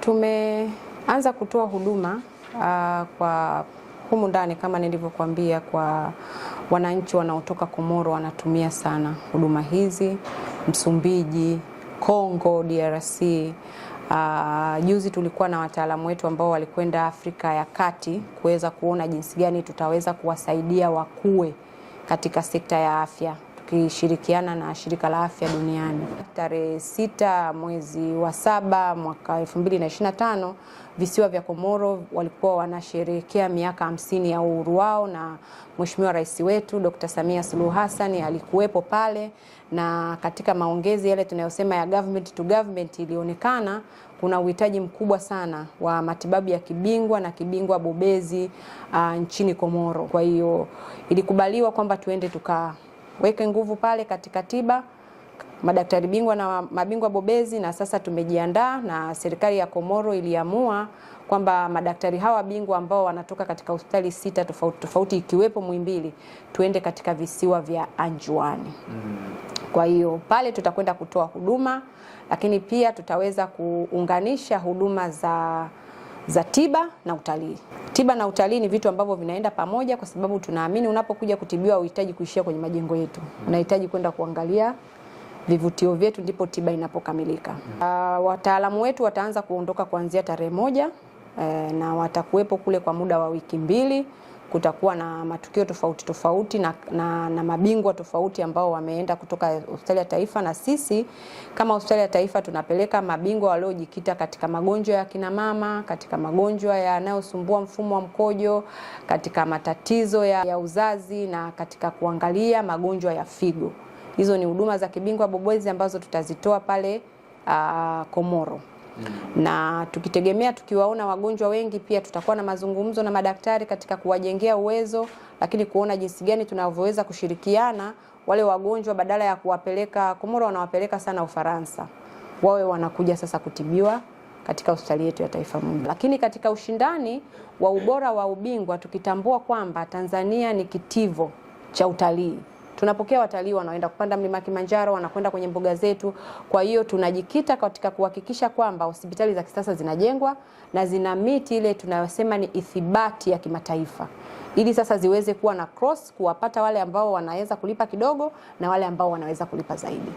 tumeanza kutoa huduma uh, kwa humu ndani kama nilivyokuambia, kwa wananchi wanaotoka Komoro wanatumia sana huduma hizi, Msumbiji, Kongo DRC. Uh, ah, juzi tulikuwa na wataalamu wetu ambao walikwenda Afrika ya Kati kuweza kuona jinsi gani tutaweza kuwasaidia wakue katika sekta ya afya tukishirikiana na shirika la afya duniani. Tarehe sita mwezi wa saba mwaka 2025 visiwa vya Komoro walikuwa wanasherehekea miaka hamsini ya uhuru wao, na Mheshimiwa Rais wetu Dr. Samia Suluhu Hassan alikuwepo pale, na katika maongezi yale tunayosema ya government to government, ilionekana kuna uhitaji mkubwa sana wa matibabu ya kibingwa na kibingwa bobezi uh, nchini Komoro. Kwa hiyo ilikubaliwa kwamba tuende tuka weke nguvu pale katika tiba, madaktari bingwa na mabingwa bobezi. Na sasa tumejiandaa, na serikali ya Komoro iliamua kwamba madaktari hawa bingwa ambao wanatoka katika hospitali sita tofauti tofauti ikiwepo Muhimbili, tuende katika visiwa vya Anjuani. Mm. Kwa hiyo pale tutakwenda kutoa huduma, lakini pia tutaweza kuunganisha huduma za za tiba na utalii. Tiba na utalii ni vitu ambavyo vinaenda pamoja, kwa sababu tunaamini unapokuja kutibiwa uhitaji kuishia kwenye majengo yetu, unahitaji kwenda kuangalia vivutio vyetu, ndipo tiba inapokamilika. Uh, wataalamu wetu wataanza kuondoka kuanzia tarehe moja eh, na watakuwepo kule kwa muda wa wiki mbili kutakuwa na matukio tofauti tofauti na, na, na mabingwa tofauti ambao wameenda kutoka hospitali ya taifa, na sisi kama hospitali ya taifa tunapeleka mabingwa waliojikita katika magonjwa ya kinamama, katika magonjwa yanayosumbua mfumo wa mkojo, katika matatizo ya, ya uzazi na katika kuangalia magonjwa ya figo. Hizo ni huduma za kibingwa bobezi ambazo tutazitoa pale uh, Komoro. Mm. na tukitegemea tukiwaona wagonjwa wengi, pia tutakuwa na mazungumzo na madaktari katika kuwajengea uwezo, lakini kuona jinsi gani tunavyoweza kushirikiana wale wagonjwa, badala ya kuwapeleka Komoro, wanawapeleka sana Ufaransa, wawe wanakuja sasa kutibiwa katika hospitali yetu ya taifa moja. Lakini katika ushindani wa ubora wa ubingwa, tukitambua kwamba Tanzania ni kitivo cha utalii Tunapokea watalii wanaoenda kupanda mlima Kilimanjaro, wanakwenda kwenye mbuga zetu. Kwa hiyo tunajikita katika kuhakikisha kwamba hospitali za kisasa zinajengwa na zina miti ile tunayosema ni ithibati ya kimataifa ili sasa ziweze kuwa na cross kuwapata wale ambao wanaweza kulipa kidogo na wale ambao wanaweza kulipa zaidi.